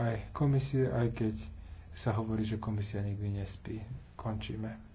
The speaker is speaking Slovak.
aj komisie, aj keď sa hovorí, že komisia nikdy nespí. Končíme.